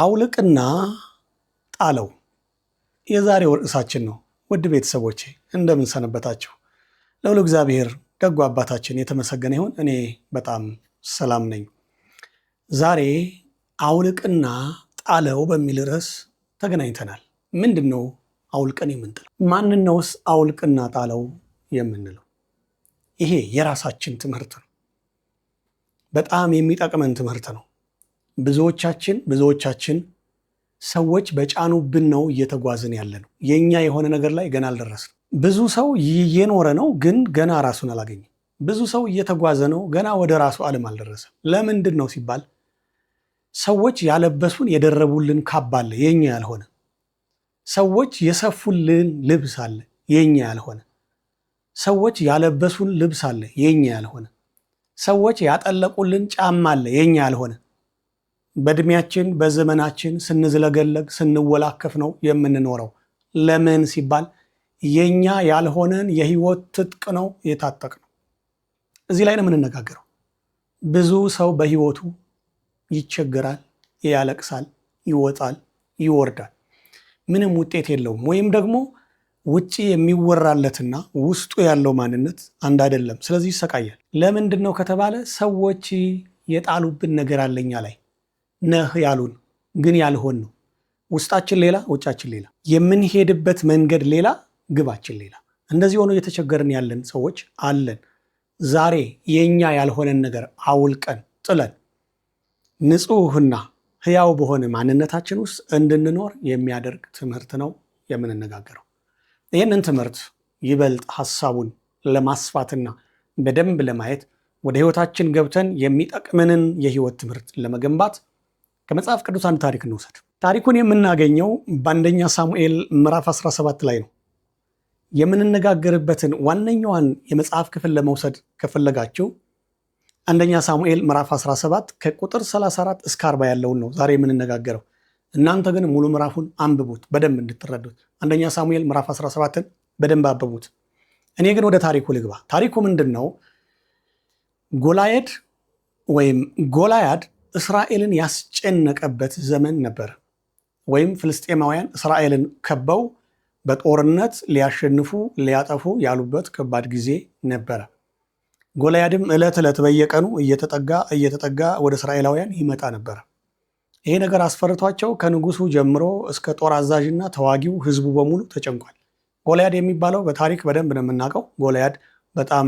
አውልቅና ጣለው የዛሬው ርዕሳችን ነው። ውድ ቤተሰቦቼ እንደምን ሰነበታችሁ? ለሁሉ እግዚአብሔር ደጎ አባታችን የተመሰገነ ይሁን። እኔ በጣም ሰላም ነኝ። ዛሬ አውልቅና ጣለው በሚል ርዕስ ተገናኝተናል። ምንድን ነው አውልቀን የምንጥለው? ማንነውስ አውልቅና ጣለው የምንለው? ይሄ የራሳችን ትምህርት ነው። በጣም የሚጠቅመን ትምህርት ነው። ብዙዎቻችን ብዙዎቻችን ሰዎች በጫኑብን ነው እየተጓዝን ያለ ነው። የእኛ የሆነ ነገር ላይ ገና አልደረስንም። ብዙ ሰው እየኖረ ነው፣ ግን ገና ራሱን አላገኘም። ብዙ ሰው እየተጓዘ ነው፣ ገና ወደ ራሱ ዓለም አልደረሰም። ለምንድን ነው ሲባል ሰዎች ያለበሱን የደረቡልን ካባ አለ፣ የኛ ያልሆነ ሰዎች የሰፉልን ልብስ አለ፣ የኛ ያልሆነ ሰዎች ያለበሱን ልብስ አለ፣ የኛ ያልሆነ ሰዎች ያጠለቁልን ጫማ አለ፣ የኛ ያልሆነ በእድሜያችን በዘመናችን ስንዝለገለግ ስንወላከፍ ነው የምንኖረው። ለምን ሲባል የኛ ያልሆነን የህይወት ትጥቅ ነው የታጠቅ ነው። እዚህ ላይ ነው የምንነጋገረው። ብዙ ሰው በህይወቱ ይቸገራል፣ ያለቅሳል፣ ይወጣል፣ ይወርዳል፣ ምንም ውጤት የለውም። ወይም ደግሞ ውጭ የሚወራለትና ውስጡ ያለው ማንነት አንድ አይደለም። ስለዚህ ይሰቃያል። ለምንድን ነው ከተባለ ሰዎች የጣሉብን ነገር አለኛ ላይ ነህ ያሉን ግን ያልሆን ነው። ውስጣችን ሌላ፣ ውጫችን ሌላ፣ የምንሄድበት መንገድ ሌላ፣ ግባችን ሌላ። እንደዚህ ሆኖ እየተቸገርን ያለን ሰዎች አለን። ዛሬ የእኛ ያልሆነን ነገር አውልቀን ጥለን ንጹህና ህያው በሆነ ማንነታችን ውስጥ እንድንኖር የሚያደርግ ትምህርት ነው የምንነጋገረው። ይህንን ትምህርት ይበልጥ ሀሳቡን ለማስፋትና በደንብ ለማየት ወደ ህይወታችን ገብተን የሚጠቅመንን የህይወት ትምህርት ለመገንባት ከመጽሐፍ ቅዱስ አንድ ታሪክ እንውሰድ። ታሪኩን የምናገኘው በአንደኛ ሳሙኤል ምዕራፍ 17 ላይ ነው። የምንነጋገርበትን ዋነኛዋን የመጽሐፍ ክፍል ለመውሰድ ከፈለጋችሁ አንደኛ ሳሙኤል ምዕራፍ 17 ከቁጥር 34 እስከ 40 ያለውን ነው ዛሬ የምንነጋገረው። እናንተ ግን ሙሉ ምዕራፉን አንብቡት በደንብ እንድትረዱት። አንደኛ ሳሙኤል ምዕራፍ 17ን በደንብ አንብቡት። እኔ ግን ወደ ታሪኩ ልግባ። ታሪኩ ምንድን ነው? ጎላየድ ወይም ጎላያድ እስራኤልን ያስጨነቀበት ዘመን ነበር። ወይም ፍልስጤማውያን እስራኤልን ከበው በጦርነት ሊያሸንፉ ሊያጠፉ ያሉበት ከባድ ጊዜ ነበረ። ጎልያድም ዕለት ዕለት በየቀኑ እየተጠጋ እየተጠጋ ወደ እስራኤላውያን ይመጣ ነበር። ይሄ ነገር አስፈርቷቸው ከንጉሱ ጀምሮ እስከ ጦር አዛዥና ተዋጊው ህዝቡ በሙሉ ተጨንቋል። ጎልያድ የሚባለው በታሪክ በደንብ ነው የምናውቀው። ጎልያድ በጣም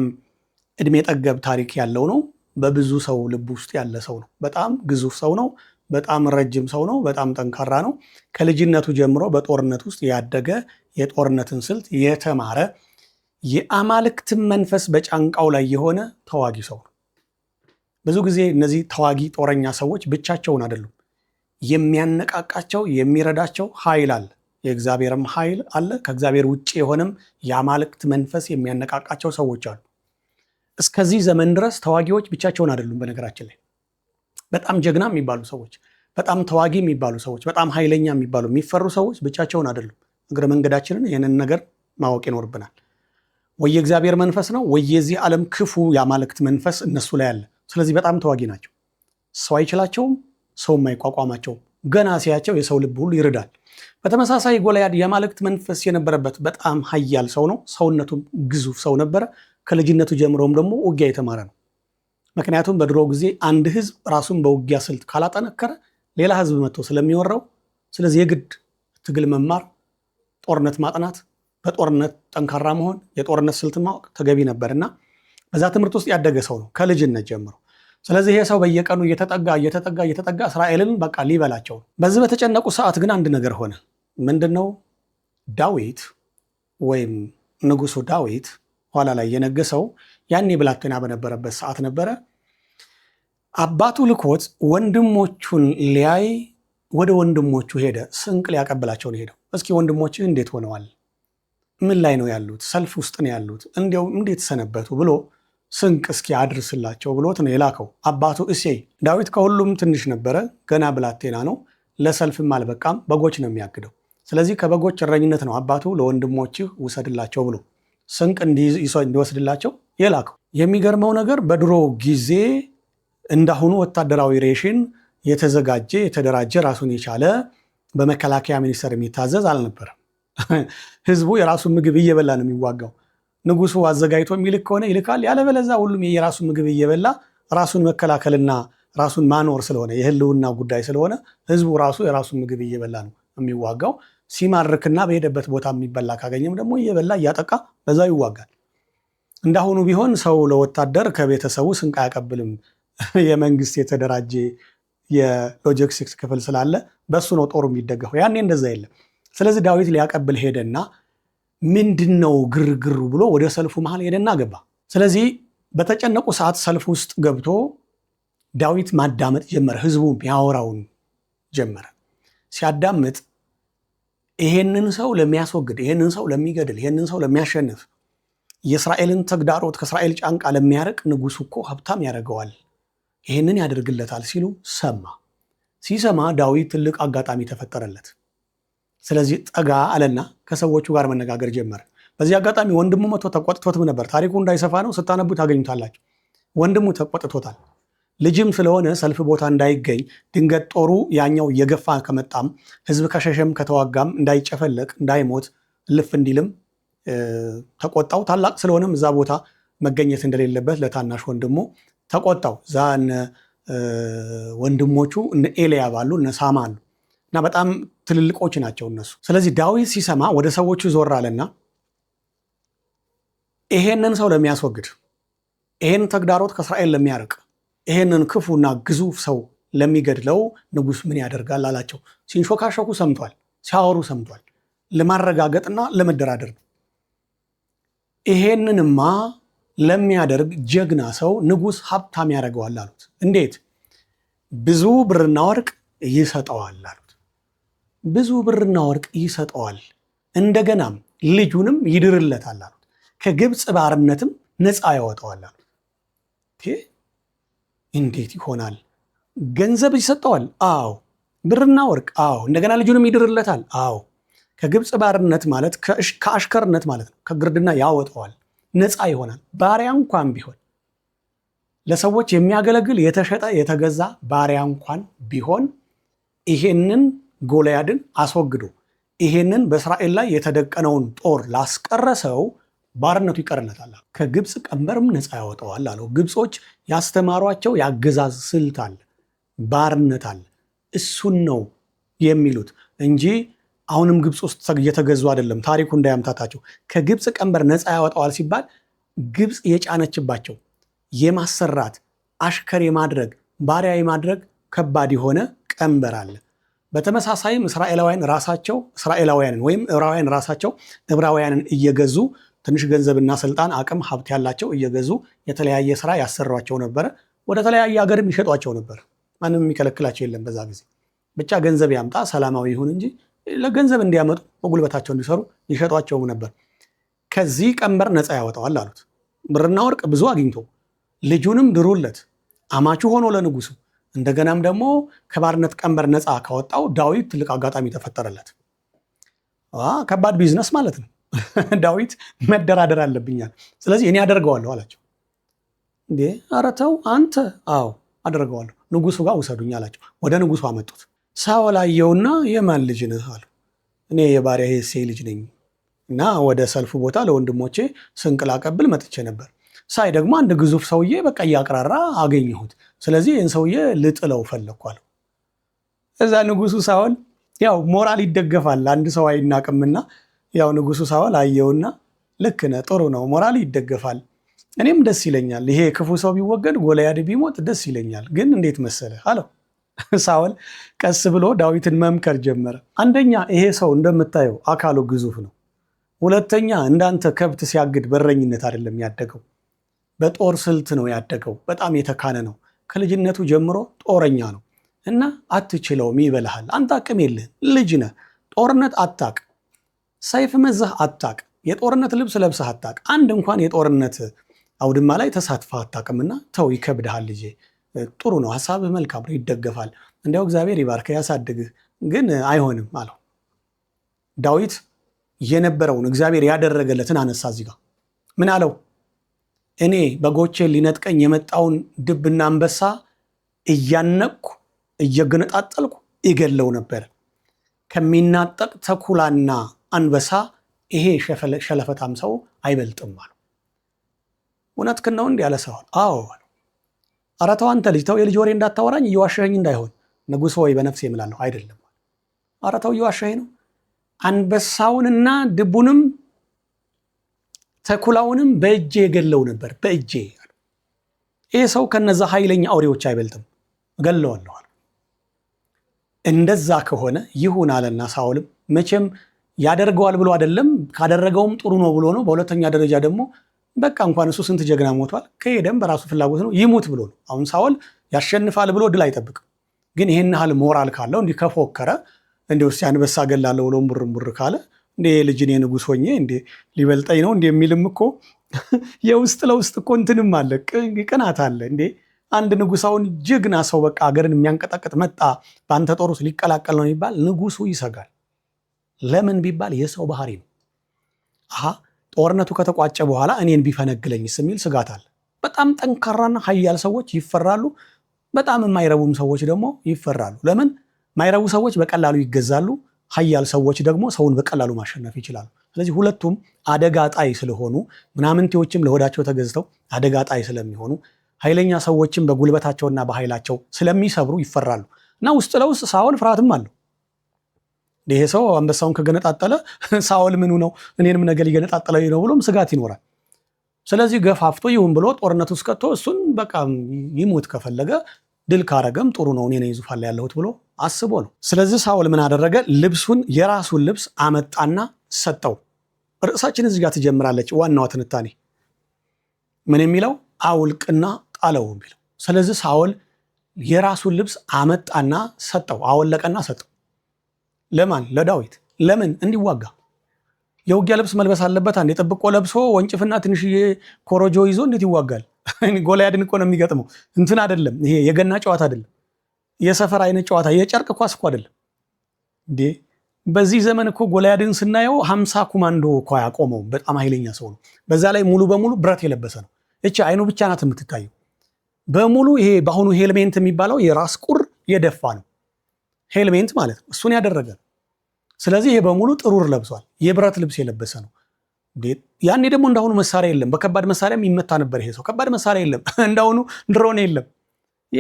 እድሜ ጠገብ ታሪክ ያለው ነው። በብዙ ሰው ልብ ውስጥ ያለ ሰው ነው። በጣም ግዙፍ ሰው ነው። በጣም ረጅም ሰው ነው። በጣም ጠንካራ ነው። ከልጅነቱ ጀምሮ በጦርነት ውስጥ ያደገ የጦርነትን ስልት የተማረ የአማልክትን መንፈስ በጫንቃው ላይ የሆነ ተዋጊ ሰው ነው። ብዙ ጊዜ እነዚህ ተዋጊ ጦረኛ ሰዎች ብቻቸውን አይደሉም። የሚያነቃቃቸው የሚረዳቸው ኃይል አለ። የእግዚአብሔርም ኃይል አለ። ከእግዚአብሔር ውጭ የሆነም የአማልክት መንፈስ የሚያነቃቃቸው ሰዎች አሉ። እስከዚህ ዘመን ድረስ ተዋጊዎች ብቻቸውን አይደሉም። በነገራችን ላይ በጣም ጀግና የሚባሉ ሰዎች፣ በጣም ተዋጊ የሚባሉ ሰዎች፣ በጣም ኃይለኛ የሚባሉ የሚፈሩ ሰዎች ብቻቸውን አይደሉም። እግረ መንገዳችንን ይህንን ነገር ማወቅ ይኖርብናል። ወይ የእግዚአብሔር መንፈስ ነው ወይ የዚህ ዓለም ክፉ የአማልክት መንፈስ እነሱ ላይ አለ። ስለዚህ በጣም ተዋጊ ናቸው። ሰው አይችላቸውም፣ ሰውም አይቋቋማቸውም። ገና ሲያቸው የሰው ልብ ሁሉ ይርዳል። በተመሳሳይ ጎልያድ የአማልክት መንፈስ የነበረበት በጣም ኃያል ሰው ነው። ሰውነቱም ግዙፍ ሰው ነበረ። ከልጅነቱ ጀምሮም ደግሞ ውጊያ የተማረ ነው። ምክንያቱም በድሮ ጊዜ አንድ ህዝብ ራሱን በውጊያ ስልት ካላጠነከረ ሌላ ህዝብ መጥቶ ስለሚወራው፣ ስለዚህ የግድ ትግል መማር፣ ጦርነት ማጥናት፣ በጦርነት ጠንካራ መሆን፣ የጦርነት ስልት ማወቅ ተገቢ ነበር እና በዛ ትምህርት ውስጥ ያደገ ሰው ነው ከልጅነት ጀምሮ። ስለዚህ ይሄ ሰው በየቀኑ እየተጠጋ እየተጠጋ እየተጠጋ እስራኤልን በቃ ሊበላቸው ነው። በዚህ በተጨነቁ ሰዓት ግን አንድ ነገር ሆነ። ምንድን ነው ዳዊት ወይም ንጉሱ ዳዊት ኋላ ላይ የነገሰው ያኔ ብላቴና በነበረበት ሰዓት ነበረ። አባቱ ልኮት ወንድሞቹን ሊያይ ወደ ወንድሞቹ ሄደ። ስንቅ ሊያቀብላቸው ነው ሄደው። እስኪ ወንድሞችህ እንዴት ሆነዋል? ምን ላይ ነው ያሉት? ሰልፍ ውስጥ ነው ያሉት? እንዲያው እንዴት ሰነበቱ? ብሎ ስንቅ እስኪ አድርስላቸው ብሎት ነው የላከው አባቱ እሴ ዳዊት ከሁሉም ትንሽ ነበረ፣ ገና ብላቴና ነው፣ ለሰልፍም አልበቃም፣ በጎች ነው የሚያግደው። ስለዚህ ከበጎች እረኝነት ነው አባቱ ለወንድሞችህ ውሰድላቸው ብሎ ስንቅ እንዲወስድላቸው የላከው። የሚገርመው ነገር በድሮ ጊዜ እንዳሁኑ ወታደራዊ ሬሽን የተዘጋጀ የተደራጀ ራሱን የቻለ በመከላከያ ሚኒስቴር የሚታዘዝ አልነበረም። ህዝቡ የራሱን ምግብ እየበላ ነው የሚዋጋው። ንጉሱ አዘጋጅቶ የሚልክ ከሆነ ይልካል፣ ያለበለዛ ሁሉም የራሱን ምግብ እየበላ ራሱን መከላከልና ራሱን ማኖር ስለሆነ የህልውና ጉዳይ ስለሆነ ህዝቡ ራሱ የራሱን ምግብ እየበላ ነው የሚዋጋው። ሲማርክና በሄደበት ቦታ የሚበላ ካገኘም ደግሞ እየበላ እያጠቃ በዛው ይዋጋል። እንዳሁኑ ቢሆን ሰው ለወታደር ከቤተሰቡ ስንቅ አያቀብልም። የመንግስት የተደራጀ የሎጂስቲክስ ክፍል ስላለ በሱ ነው ጦሩ የሚደገፈው። ያኔ እንደዛ የለም። ስለዚህ ዳዊት ሊያቀብል ሄደና ምንድን ነው ግርግሩ ብሎ ወደ ሰልፉ መሃል ሄደና ገባ። ስለዚህ በተጨነቁ ሰዓት ሰልፍ ውስጥ ገብቶ ዳዊት ማዳመጥ ጀመረ። ህዝቡ ያወራውን ጀመረ ሲያዳምጥ ይሄንን ሰው ለሚያስወግድ፣ ይሄንን ሰው ለሚገድል፣ ይሄንን ሰው ለሚያሸንፍ፣ የእስራኤልን ተግዳሮት ከእስራኤል ጫንቃ ለሚያርቅ ንጉሱ እኮ ሀብታም ያደርገዋል፣ ይሄንን ያደርግለታል ሲሉ ሰማ። ሲሰማ ዳዊት ትልቅ አጋጣሚ ተፈጠረለት። ስለዚህ ጠጋ አለና ከሰዎቹ ጋር መነጋገር ጀመር በዚህ አጋጣሚ ወንድሙ መቶ ተቆጥቶትም ነበር። ታሪኩ እንዳይሰፋ ነው፣ ስታነቡ ታገኙታላችሁ። ወንድሙ ተቆጥቶታል። ልጅም ስለሆነ ሰልፍ ቦታ እንዳይገኝ ድንገት ጦሩ ያኛው እየገፋ ከመጣም ህዝብ ከሸሸም ከተዋጋም እንዳይጨፈለቅ እንዳይሞት ልፍ እንዲልም ተቆጣው። ታላቅ ስለሆነም እዛ ቦታ መገኘት እንደሌለበት ለታናሽ ወንድሙ ተቆጣው። እዛ እነ ወንድሞቹ እነ ኤልያብ አሉ እነ ሳማ አሉ እና በጣም ትልልቆች ናቸው እነሱ። ስለዚህ ዳዊት ሲሰማ ወደ ሰዎቹ ዞር አለና ይሄንን ሰው ለሚያስወግድ ይሄን ተግዳሮት ከእስራኤል ለሚያርቅ ይሄንን ክፉና ግዙፍ ሰው ለሚገድለው ንጉስ ምን ያደርጋል አላቸው። ሲንሾካሾኩ ሰምቷል፣ ሲያወሩ ሰምቷል። ለማረጋገጥና ለመደራደር ነው። ይሄንንማ ለሚያደርግ ጀግና ሰው ንጉስ ሀብታም ያደርገዋል አሉት። እንዴት? ብዙ ብርና ወርቅ ይሰጠዋል አሉት። ብዙ ብርና ወርቅ ይሰጠዋል፣ እንደገናም ልጁንም ይድርለታል አሉት። ከግብፅ ባርነትም ነፃ ያወጣዋል አሉት። እንዴት ይሆናል? ገንዘብ ይሰጠዋል? አዎ። ብርና ወርቅ? አዎ። እንደገና ልጁንም ይድርለታል? አዎ። ከግብፅ ባርነት ማለት ከአሽከርነት ማለት ነው። ከግርድና ያወጠዋል፣ ነፃ ይሆናል። ባሪያ እንኳን ቢሆን ለሰዎች የሚያገለግል የተሸጠ የተገዛ ባሪያ እንኳን ቢሆን ይሄንን ጎልያድን አስወግዶ ይሄንን በእስራኤል ላይ የተደቀነውን ጦር ላስቀረሰው ባርነቱ ይቀርለታል። ከግብፅ ቀንበርም ነፃ ያወጣዋል አለው። ግብፆች ያስተማሯቸው የአገዛዝ ስልት አለ፣ ባርነት አለ። እሱን ነው የሚሉት እንጂ አሁንም ግብፅ ውስጥ እየተገዙ አይደለም። ታሪኩ እንዳያምታታቸው ከግብፅ ቀንበር ነፃ ያወጣዋል ሲባል ግብፅ የጫነችባቸው የማሰራት አሽከር የማድረግ ባሪያ የማድረግ ከባድ የሆነ ቀንበር አለ። በተመሳሳይም እስራኤላውያን ራሳቸው እስራኤላውያንን ወይም ዕብራውያን ራሳቸው ዕብራውያንን እየገዙ ትንሽ ገንዘብና ስልጣን፣ አቅም፣ ሀብት ያላቸው እየገዙ የተለያየ ስራ ያሰሯቸው ነበረ። ወደ ተለያየ ሀገርም ይሸጧቸው ነበር። ማንም የሚከለክላቸው የለም። በዛ ጊዜ ብቻ ገንዘብ ያምጣ ሰላማዊ ይሁን እንጂ ለገንዘብ እንዲያመጡ በጉልበታቸው እንዲሰሩ ይሸጧቸውም ነበር። ከዚህ ቀንበር ነፃ ያወጣዋል አሉት። ብርና ወርቅ ብዙ አግኝቶ ልጁንም ድሩለት አማቹ ሆኖ ለንጉሱ እንደገናም ደግሞ ከባርነት ቀንበር ነፃ ካወጣው ዳዊት ትልቅ አጋጣሚ ተፈጠረለት። ከባድ ቢዝነስ ማለት ነው። ዳዊት መደራደር አለብኛል። ስለዚህ እኔ አደርገዋለሁ አላቸው። እንዴ ኧረ አንተ። አዎ አደርገዋለሁ፣ ንጉሱ ጋር ውሰዱኝ አላቸው። ወደ ንጉሱ አመጡት። ሳኦል አየውና የማን ልጅ ነህ አሉ። እኔ የባሪያ ሴ ልጅ ነኝ እና ወደ ሰልፉ ቦታ ለወንድሞቼ ስንቅ ላቀብል መጥቼ ነበር። ሳይ ደግሞ አንድ ግዙፍ ሰውዬ በቃ እያቅራራ አገኘሁት። ስለዚህ ይህን ሰውዬ ልጥለው ፈለግኩ አለው። እዛ ንጉሱ ሳኦል ያው ሞራል ይደገፋል፣ አንድ ሰው አይናቅምና ያው ንጉሱ ሳዋል አየውና ልክ ነህ፣ ጥሩ ነው፣ ሞራል ይደገፋል፣ እኔም ደስ ይለኛል። ይሄ ክፉ ሰው ቢወገድ ጎልያድ ቢሞት ደስ ይለኛል። ግን እንዴት መሰለህ አለው። ሳውል ቀስ ብሎ ዳዊትን መምከር ጀመረ። አንደኛ ይሄ ሰው እንደምታየው አካሉ ግዙፍ ነው። ሁለተኛ እንዳንተ ከብት ሲያግድ በረኝነት አይደለም ያደገው፣ በጦር ስልት ነው ያደገው። በጣም የተካነ ነው። ከልጅነቱ ጀምሮ ጦረኛ ነው እና አትችለውም፣ ይበልሃል። አንተ አቅም ልጅ ነህ፣ ጦርነት አታቅ ሰይፍ መዝህ አታቅ፣ የጦርነት ልብስ ለብሰህ አታቅ፣ አንድ እንኳን የጦርነት አውድማ ላይ ተሳትፈ አታቅምና ተው፣ ይከብድሃል ልጄ። ጥሩ ነው ሀሳብህ፣ መልካም ነው፣ ይደገፋል። እንዲያው እግዚአብሔር ይባርከህ ያሳድግህ፣ ግን አይሆንም አለው። ዳዊት የነበረውን እግዚአብሔር ያደረገለትን አነሳ። እዚህ ጋር ምን አለው? እኔ በጎቼን ሊነጥቀኝ የመጣውን ድብና አንበሳ እያነቅኩ እየገነጣጠልኩ ይገለው ነበር ከሚናጠቅ ተኩላና አንበሳ ይሄ ሸለፈታም ሰው አይበልጥም አሉ። እውነትህን ነው እንዲህ ያለ ሰው አዎ አለው። ኧረ ተው አንተ ልጅ ተው፣ የልጅ ወሬ እንዳታወራኝ እየዋሸኝ እንዳይሆን። ንጉሥ ሆይ በነፍሴ የምላለሁ አይደለም። ኧረ ተው እየዋሸኸኝ ነው። አንበሳውንና ድቡንም ተኩላውንም በእጄ የገለው ነበር በእጄ አሉ። ይህ ሰው ከነዛ ኃይለኛ አውሬዎች አይበልጥም፣ እገለዋለሁ አሉ። እንደዛ ከሆነ ይሁን አለና ሳውልም መቼም ያደርገዋል ብሎ አይደለም ካደረገውም ጥሩ ነው ብሎ ነው። በሁለተኛ ደረጃ ደግሞ በቃ እንኳን እሱ ስንት ጀግና ሞቷል፣ ከሄደም በራሱ ፍላጎት ነው ይሙት ብሎ ነው። አሁን ሳውል ያሸንፋል ብሎ ድል አይጠብቅም። ግን ይህን ያህል ሞራል ካለው እንዲህ ከፎከረ እንዲ ውስጥ አንበሳ ገላለሁ ብሎ ምርምር ካለ እንዴ ልጅን የንጉስ ሆኜ እንዴ ሊበልጠኝ ነው እንዲ የሚልም እኮ የውስጥ ለውስጥ እኮ እንትንም አለ፣ ቅናት አለ። እንዴ አንድ ንጉሳውን ጀግና ሰው በቃ ሀገርን የሚያንቀጠቅጥ መጣ በአንተ ጦር ውስጥ ሊቀላቀል ነው የሚባል ንጉሱ ይሰጋል። ለምን ቢባል የሰው ባህሪ ነው። አሀ ጦርነቱ ከተቋጨ በኋላ እኔን ቢፈነግለኝ ስሚል ስጋት አለ። በጣም ጠንካራና ሀያል ሰዎች ይፈራሉ። በጣም የማይረቡም ሰዎች ደግሞ ይፈራሉ። ለምን ማይረቡ ሰዎች በቀላሉ ይገዛሉ። ሀያል ሰዎች ደግሞ ሰውን በቀላሉ ማሸነፍ ይችላሉ። ስለዚህ ሁለቱም አደጋ ጣይ ስለሆኑ ምናምንቴዎችም ለሆዳቸው ተገዝተው አደጋ ጣይ ስለሚሆኑ ኃይለኛ ሰዎችም በጉልበታቸውና በኃይላቸው ስለሚሰብሩ ይፈራሉ እና ውስጥ ለውስጥ ሳኦል ፍርሃትም አለው። ይሄ ሰው አንበሳውን ከገነጣጠለ ሳኦል ምኑ ነው እኔንም ነገ ይገነጣጠለ ነው ብሎም ስጋት ይኖራል። ስለዚህ ገፋፍቶ ይሁን ብሎ ጦርነት ውስጥ ቀጥቶ እሱን በቃ ይሞት ከፈለገ ድል ካረገም ጥሩ ነው እኔ ነኝ ዙፋን ላይ ያለሁት ብሎ አስቦ ነው። ስለዚህ ሳኦል ምን አደረገ? ልብሱን የራሱን ልብስ አመጣና ሰጠው። ርዕሳችን እዚህ ጋር ትጀምራለች ዋናዋ ትንታኔ ምን የሚለው አውልቅና ጣለው የሚለው። ስለዚህ ሳኦል የራሱን ልብስ አመጣና ሰጠው፣ አወለቀና ሰጠው። ለማን ለዳዊት ለምን እንዲዋጋ የውጊያ ልብስ መልበስ አለበት አንዴ ጥብቆ ለብሶ ወንጭፍና ትንሽዬ ኮረጆ ይዞ እንዴት ይዋጋል ጎልያድን እኮ ነው የሚገጥመው እንትን አይደለም ይሄ የገና ጨዋታ አይደለም የሰፈር አይነት ጨዋታ የጨርቅ ኳስ እኮ አይደለም እንዴ በዚህ ዘመን እኮ ጎልያድን ስናየው ሀምሳ ኮማንዶ እኳ ያቆመው በጣም ኃይለኛ ሰው ነው በዛ ላይ ሙሉ በሙሉ ብረት የለበሰ ነው እቺ አይኑ ብቻ ናት የምትታየው በሙሉ ይሄ በአሁኑ ሄልሜንት የሚባለው የራስ ቁር የደፋ ነው ሄልሜንት ማለት ነው እሱን ያደረገ ነው ስለዚህ ይሄ በሙሉ ጥሩር ለብሷል። የብረት ልብስ የለበሰ ነው። ያኔ ደግሞ እንዳሁኑ መሳሪያ የለም። በከባድ መሳሪያም ይመታ ነበር ይሄ ሰው። ከባድ መሳሪያ የለም፣ እንዳሁኑ ድሮን የለም።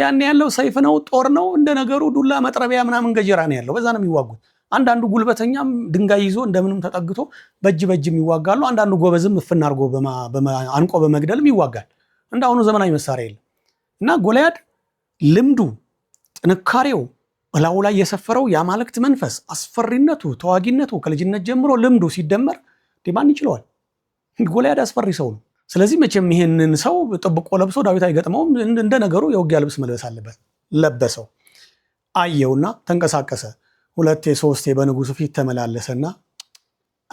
ያኔ ያለው ሰይፍ ነው፣ ጦር ነው፣ እንደ ነገሩ ዱላ፣ መጥረቢያ ምናምን ገጀራ ነው ያለው። በዛ ነው የሚዋጉት። አንዳንዱ ጉልበተኛም ድንጋይ ይዞ እንደምንም ተጠግቶ በእጅ በእጅም ይዋጋሉ። አንዳንዱ ጎበዝም እፍና አድርጎ አንቆ በመግደልም ይዋጋል። እንዳሁኑ ዘመናዊ መሳሪያ የለም እና ጎልያድ ልምዱ ጥንካሬው እላዩ ላይ የሰፈረው የአማልክት መንፈስ አስፈሪነቱ፣ ተዋጊነቱ ከልጅነት ጀምሮ ልምዱ ሲደመር ማን ይችለዋል? ጎልያድ አስፈሪ ሰው ነው። ስለዚህ መቼም ይሄንን ሰው ጥብቆ ለብሶ ዳዊት አይገጥመውም። እንደ ነገሩ የውጊያ ልብስ መልበስ አለበት። ለበሰው፣ አየውና ተንቀሳቀሰ። ሁለቴ ሶስቴ በንጉሱ ፊት ተመላለሰና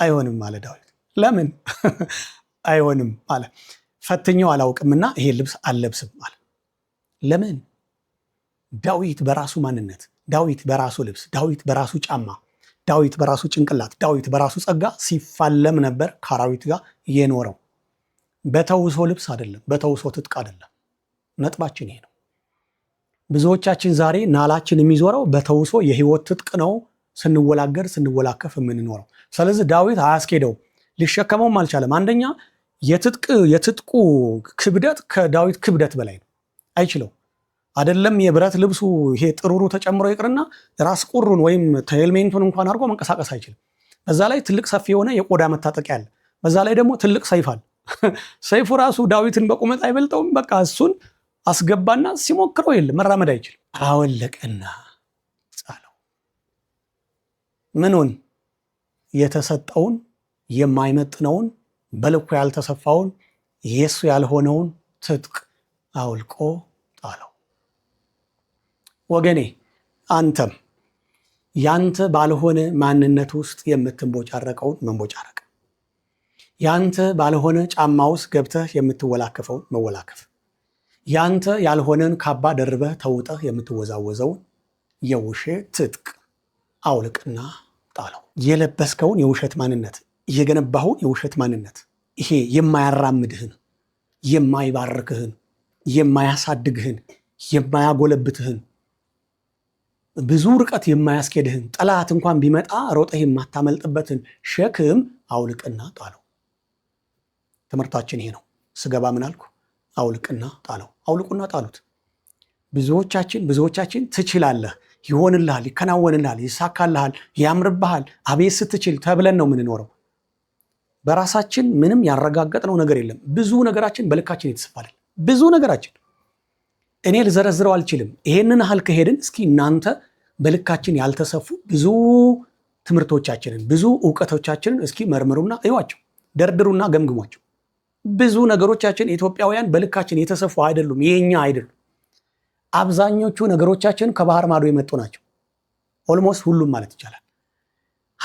አይሆንም አለ ዳዊት። ለምን አይሆንም አለ? ፈትኛው አላውቅምና ይሄ ልብስ አልለብስም አለ። ለምን ዳዊት በራሱ ማንነት ዳዊት በራሱ ልብስ፣ ዳዊት በራሱ ጫማ፣ ዳዊት በራሱ ጭንቅላት፣ ዳዊት በራሱ ጸጋ ሲፋለም ነበር ከአራዊት ጋር የኖረው። በተውሶ ልብስ አይደለም፣ በተውሶ ትጥቅ አይደለም። ነጥባችን ይሄ ነው። ብዙዎቻችን ዛሬ ናላችን የሚዞረው በተውሶ የህይወት ትጥቅ ነው ስንወላገድ ስንወላከፍ የምንኖረው። ስለዚህ ዳዊት አያስኬደው ሊሸከመውም አልቻለም። አንደኛ የትጥቁ ክብደት ከዳዊት ክብደት በላይ ነው፣ አይችለው አይደለም የብረት ልብሱ ይሄ ጥሩሩ ተጨምሮ ይቅርና ራስ ቁሩን ወይም ቴልሜንቱን እንኳን አድርጎ መንቀሳቀስ አይችልም። በዛ ላይ ትልቅ ሰፊ የሆነ የቆዳ መታጠቂያ አለ። በዛ ላይ ደግሞ ትልቅ ሰይፍ አለ። ሰይፉ ራሱ ዳዊትን በቁመት አይበልጠውም። በቃ እሱን አስገባና ሲሞክረው የለ መራመድ አይችልም። አወለቀና ጻለው ምኑን የተሰጠውን የማይመጥነውን በልኩ ያልተሰፋውን የእሱ ያልሆነውን ትጥቅ አውልቆ ጣለው። ወገኔ አንተም ያንተ ባልሆነ ማንነት ውስጥ የምትንቦጫረቀውን መንቦጫረቅ፣ ያንተ ባልሆነ ጫማ ውስጥ ገብተህ የምትወላከፈውን መወላከፍ፣ ያንተ ያልሆነን ካባ ደርበህ ተውጠህ የምትወዛወዘውን የውሸ ትጥቅ አውልቅና ጣለው። የለበስከውን የውሸት ማንነት፣ የገነባኸውን የውሸት ማንነት፣ ይሄ የማያራምድህን፣ የማይባርክህን፣ የማያሳድግህን፣ የማያጎለብትህን ብዙ ርቀት የማያስኬድህን ጠላት እንኳን ቢመጣ ሮጠህ የማታመልጥበትን ሸክም አውልቅና ጣለው። ትምህርታችን ይሄ ነው። ስገባ ምን አልኩ? አውልቅና ጣለው። አውልቁና ጣሉት። ብዙዎቻችን ብዙዎቻችን ትችላለህ፣ ይሆንልሃል፣ ይከናወንልሃል፣ ይሳካልሃል፣ ያምርብሃል፣ አቤት ስትችል ተብለን ነው የምንኖረው። በራሳችን ምንም ያረጋገጥነው ነገር የለም። ብዙ ነገራችን በልካችን የተሰፋ ብዙ ነገራችን እኔ ልዘረዝረው አልችልም። ይሄንን ያህል ከሄድን እስኪ እናንተ በልካችን ያልተሰፉ ብዙ ትምህርቶቻችንን ብዙ እውቀቶቻችንን እስኪ መርምሩና እዩዋቸው፣ ደርድሩና ገምግሟቸው። ብዙ ነገሮቻችን ኢትዮጵያውያን በልካችን የተሰፉ አይደሉም፣ የኛ አይደሉም። አብዛኞቹ ነገሮቻችን ከባህር ማዶ የመጡ ናቸው። ኦልሞስት ሁሉም ማለት ይቻላል።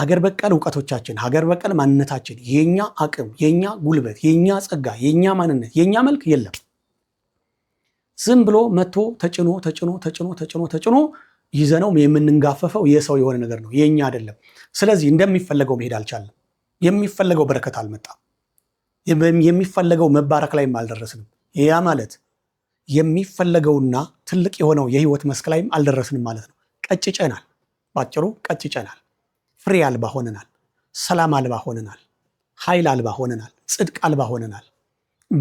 ሀገር በቀል እውቀቶቻችን፣ ሀገር በቀል ማንነታችን፣ የኛ አቅም፣ የኛ ጉልበት፣ የኛ ጸጋ፣ የኛ ማንነት፣ የኛ መልክ የለም። ዝም ብሎ መቶ ተጭኖ ተጭኖ ተጭኖ ተጭኖ ተጭኖ ይዘነው የምንንጋፈፈው የሰው የሆነ ነገር ነው፣ የእኛ አይደለም። ስለዚህ እንደሚፈለገው መሄድ አልቻለም። የሚፈለገው በረከት አልመጣም። የሚፈለገው መባረክ ላይም አልደረስንም። ያ ማለት የሚፈለገውና ትልቅ የሆነው የህይወት መስክ ላይም አልደረስንም ማለት ነው። ቀጭጨናል፣ ባጭሩ ቀጭጨናል። ፍሬ አልባ ሆነናል። ሰላም አልባ ሆነናል። ኃይል አልባ ሆነናል። ጽድቅ አልባ ሆነናል።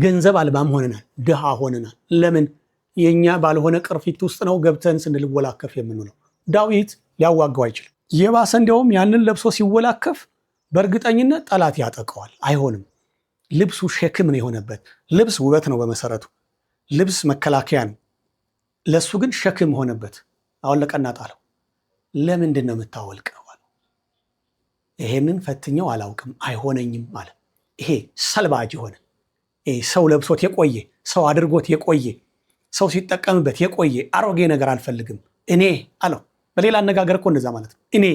ገንዘብ አልባም ሆነናል። ድሃ ሆነናል። ለምን? የእኛ ባልሆነ ቅርፊት ውስጥ ነው ገብተን ስንልወላከፍ የምንውለው። ዳዊት ሊያዋገው አይችልም። የባሰ እንዲያውም ያንን ለብሶ ሲወላከፍ በእርግጠኝነት ጠላት ያጠቀዋል። አይሆንም። ልብሱ ሸክም ነው የሆነበት። ልብስ ውበት ነው በመሰረቱ፣ ልብስ መከላከያ ነው። ለእሱ ግን ሸክም ሆነበት። አሁን ለቀና ጣለው። ለምንድን ነው የምታወልቀው? ይሄንን ፈትኘው አላውቅም አይሆነኝም አለ። ይሄ ሰልባጅ የሆነ ሰው ለብሶት የቆየ ሰው አድርጎት የቆየ ሰው ሲጠቀምበት የቆየ አሮጌ ነገር አልፈልግም እኔ አለው። በሌላ አነጋገር እኮ እንደዛ ማለት ነው። እኔ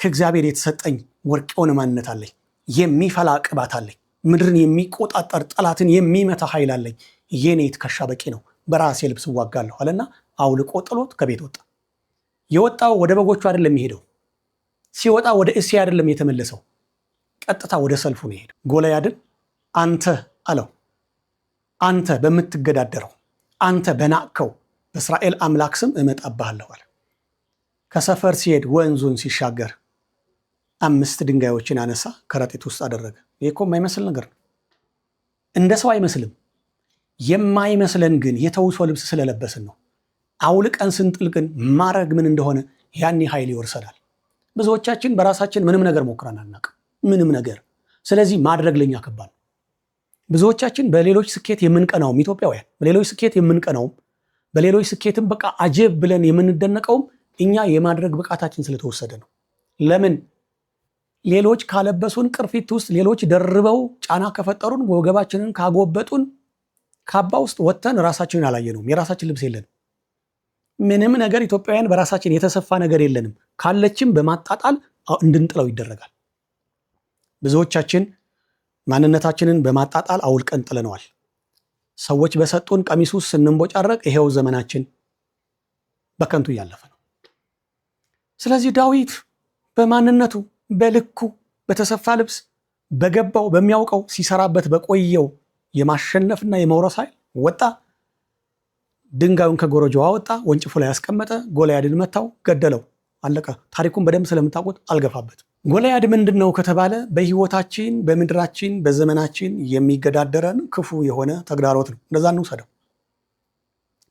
ከእግዚአብሔር የተሰጠኝ ወርቅ የሆነ ማንነት አለኝ። የሚፈላ ቅባት አለኝ። ምድርን የሚቆጣጠር ጠላትን የሚመታ ኃይል አለኝ። የኔ ትከሻ በቂ ነው። በራሴ ልብስ እዋጋለሁ አለና አውልቆ ጥሎት ከቤት ወጣ። የወጣው ወደ በጎቹ አይደለም የሚሄደው፣ ሲወጣ ወደ እስያ አይደለም የተመለሰው። ቀጥታ ወደ ሰልፉ ነው የሄደው። ጎልያድን አንተ አለው። አንተ በምትገዳደረው አንተ በናቅከው በእስራኤል አምላክ ስም እመጣብሃለሁ አለ። ከሰፈር ሲሄድ ወንዙን ሲሻገር አምስት ድንጋዮችን አነሳ፣ ከረጢት ውስጥ አደረገ። ይህ እኮ የማይመስል ነገር ነው። እንደ ሰው አይመስልም። የማይመስለን ግን የተውሶ ልብስ ስለለበስን ነው። አውልቀን ስንጥል ግን ማድረግ ምን እንደሆነ ያኔ ኃይል ይወርሰናል። ብዙዎቻችን በራሳችን ምንም ነገር ሞክረን አናቅም፣ ምንም ነገር። ስለዚህ ማድረግ ለኛ ከባድ ነው። ብዙዎቻችን በሌሎች ስኬት የምንቀናውም ኢትዮጵያውያን በሌሎች ስኬት የምንቀናውም በሌሎች ስኬትም በቃ አጀብ ብለን የምንደነቀውም እኛ የማድረግ ብቃታችን ስለተወሰደ ነው። ለምን ሌሎች ካለበሱን ቅርፊት ውስጥ ሌሎች ደርበው ጫና ከፈጠሩን፣ ወገባችንን ካጎበጡን፣ ካባ ውስጥ ወጥተን ራሳችንን አላየነውም። የራሳችን ልብስ የለንም። ምንም ነገር ኢትዮጵያውያን በራሳችን የተሰፋ ነገር የለንም። ካለችም በማጣጣል እንድንጥለው ይደረጋል ብዙዎቻችን ማንነታችንን በማጣጣል አውልቀን ጥለነዋል። ሰዎች በሰጡን ቀሚሱ ስንንቦጫረቅ ይሄው ዘመናችን በከንቱ እያለፈ ነው። ስለዚህ ዳዊት በማንነቱ በልኩ በተሰፋ ልብስ በገባው በሚያውቀው ሲሰራበት በቆየው የማሸነፍና የመውረስ ኃይል ወጣ። ድንጋዩን ከጎረጆ አወጣ፣ ወንጭፉ ላይ ያስቀመጠ፣ ጎልያድን መታው፣ ገደለው። አለቀ። ታሪኩን በደንብ ስለምታውቁት አልገፋበትም። ጎልያድ ምንድን ነው ከተባለ በህይወታችን፣ በምድራችን፣ በዘመናችን የሚገዳደረን ክፉ የሆነ ተግዳሮት ነው። እንደዛ እንውሰደው።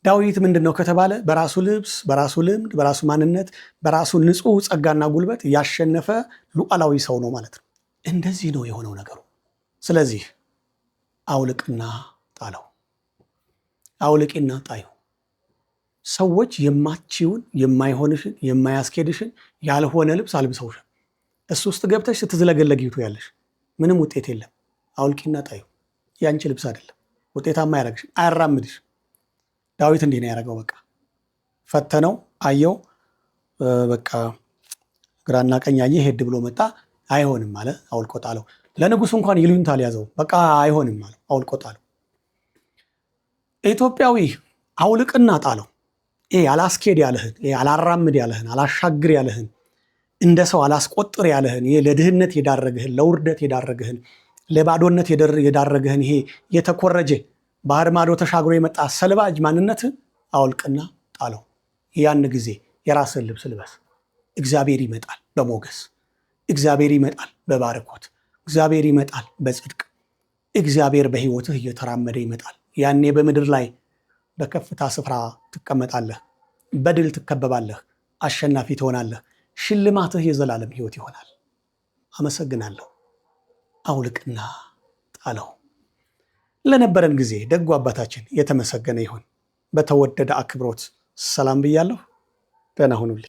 ዳዊት ምንድን ነው ከተባለ በራሱ ልብስ፣ በራሱ ልምድ፣ በራሱ ማንነት፣ በራሱ ንጹህ ጸጋና ጉልበት ያሸነፈ ሉዓላዊ ሰው ነው ማለት ነው። እንደዚህ ነው የሆነው ነገሩ። ስለዚህ አውልቅና ጣለው፣ አውልቄና ጣዩ ሰዎች የማትችውን የማይሆንሽን የማያስኬድሽን ያልሆነ ልብስ አልብሰውሻል። እሱ ውስጥ ገብተሽ ስትዝለገለግ ያለሽ ምንም ውጤት የለም። አውልቂና ጣዩ። የአንቺ ልብስ አይደለም። ውጤታማ ያደረግሽ አያራምድሽ። ዳዊት እንዲህ ነው ያደረገው። በቃ ፈተነው፣ አየው። በቃ ግራና ቀኝ አየ፣ ሄድ ብሎ መጣ። አይሆንም አለ፣ አውልቆ ጣለው። ለንጉሱ እንኳን ይሉኝታ አልያዘው። በቃ አይሆንም አለ፣ አውልቆ ጣለው። ኢትዮጵያዊ አውልቅና ጣለው። ይሄ አላስኬድ ያለህን፣ ይሄ አላራምድ ያለህን፣ አላሻግር ያለህን፣ እንደ ሰው አላስቆጥር ያለህን፣ ይሄ ለድህነት የዳረግህን፣ ለውርደት የዳረግህን፣ ለባዶነት የዳረግህን፣ ይሄ የተኮረጀ ባህር ማዶ ተሻግሮ የመጣ ሰልባጅ ማንነት አውልቅና ጣለው። ያን ጊዜ የራስህን ልብስ ልበስ። እግዚአብሔር ይመጣል በሞገስ እግዚአብሔር ይመጣል በባርኮት እግዚአብሔር ይመጣል በጽድቅ እግዚአብሔር በህይወትህ እየተራመደ ይመጣል። ያኔ በምድር ላይ በከፍታ ስፍራ ትቀመጣለህ፣ በድል ትከበባለህ፣ አሸናፊ ትሆናለህ። ሽልማትህ የዘላለም ሕይወት ይሆናል። አመሰግናለሁ። አውልቅና ጣለው። ለነበረን ጊዜ ደጉ አባታችን የተመሰገነ ይሁን። በተወደደ አክብሮት ሰላም ብያለሁ። ደህና ሁኑልኝ።